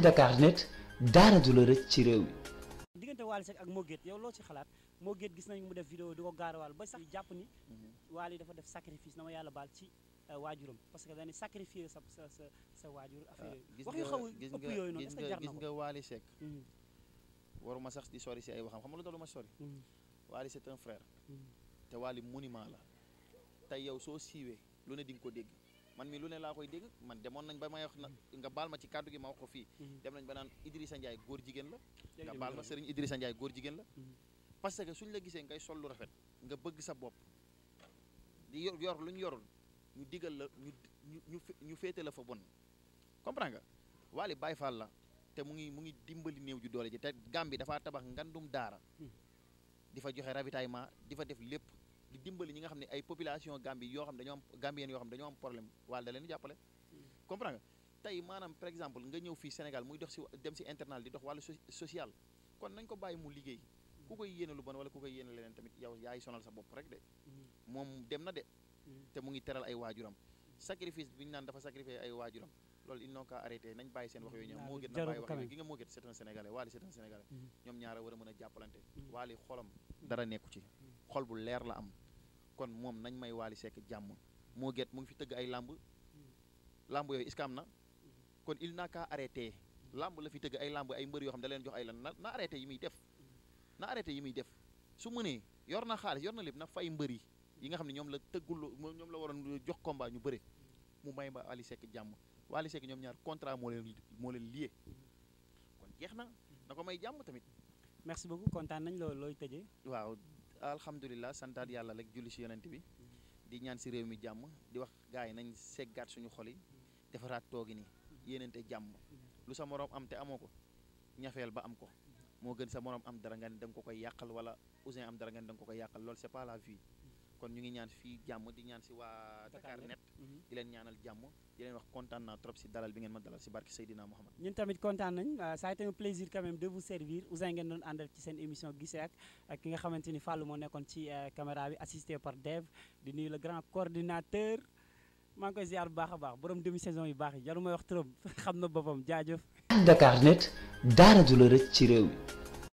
Dakarnet daara du la rëcc ci réew mi. diggante Wally Seck ak Mogates yow loo ci xalaat Mogates gis nañu mu def vidéo di ko gaarawaal ba sax jàpp ni mhm. Wally dafa def sacrifice na ma yàlla baal ci euh, waajuram parce que dañuy sacrifier sa sa sa waajur. Ah, wax yu xaw ëpp yooyu noonu est-ce que jar na ko gis nga Wally Seck. Mhm. waruma sax di sori si ay waxam xam nga lu tax ma sori. Mhm. Wally c'est un frère. te Wally monument la. tey yow soo siiwee lu ne di nga ko dégg. man mi lu ne laa koy dégg man demoon nañ ba may wax na mm-hmm. nga baal ma ci kàddu gi ma wax ko fii mm-hmm. dem nañ ba naan Idrissa Ndiaye góor jigéen la nga baal ma sëriñ Idrissa Ndiaye góor jigéen la mm-hmm. parce que suñ la gisee ngay sol lu rafet nga bëgg sa bopp di yor lu ñu yorul ñu diggal la ñu ñu ñu féete fa bon comprends nga waali Baye Fall la te mu ngi mu ngi dimbali néew ju doole ji te Gambie dafaa tabax ngandum daara di fa joxe ravitaillement di fa def lépp di dimbali ñi nga xam ne ay population Gambie yoo xam dañoo am Gambien yoo xam dañoo am problème wala da leen jàppale hmm. comprends nga tey maanaam par exemple nga ñëw fii Sénégal muy dox si dem si internal di dox wàllu social kon nañ ko bàyyi mu liggéey ku koy yéene lu bon wala ku koy yéene leneen tamit yow yaay sonal sa bopp rek de hmm. moom dem na de hmm. te mu ngi teral ay waajuram sacrifice bi ñu naan dafa sacrifié ay waajuram loolu ils n'ont qu'à arrêter nañ bàyyi seen wax yooyu ñ moo gën na bàyyi wax gi nga moo gën c'est un sénégalais waali c'est un sénégalais ñoom a nekku ci xol bu leer la am kon moom nañ may Wally Seck jàmm moo get mu ngi fi tëgg ay làmb làmb yooyu iskaam na kon il n'a qu'à arrêter làmb la fi tëgg ay làmb ay mbër yoo xam da jox ay lan na arrêté yi muy def na arrêté muy def su mënee yor na xaalis yor na lépp na fay mbër yi yi nga xam ne ñoom la tëggul ñoom la waroon jox combat ñu bëre mu may ma Wally jàmm Wally Seck ñoom ñaar contrat moo leen moo leen lié kon jeex na na ko may jàmm tamit merci beaucoup kontaan nañ loolu looy tëjee waaw alhamdulilah santaat yàlla rek julli si yonent bi di ñaan si réew mi jàmm di wax gars yi nañ seggaat suñu xol yi defaraat toogi ni yéenante jàmm lu sa moroom am te amoo ko ñafeel ba am ko moo gën sa moroom am dara nga ne da ko koy yàqal wala Ouzin am dara nga ne da ko koy yàqal loolu c'est pas la vie kon ñu ngi ñaan fii jàmm di ñaan si waa Dakar Net mhm. di leen ñaanal jàmm di leen wax kontaan naa trop si dalal bi ngeen ma dalal si barke Seydina Mohamed ñun tamit kontaan nañ euh, ça a été un plaisir quand même de vous servir Ousseyn ngeen doon àndal ci seen émission gisee ak ki nga xamante ni Fallou moo nekkoon ci euh, caméra bi assisté par Dev di nuyu le grand coordinateur maa koy ziar bu baax a baax borom demi saison yu baax yi jarul may wax trop xam na boppam jaajëf. Dakar Net daara du la rëcc ci réew mi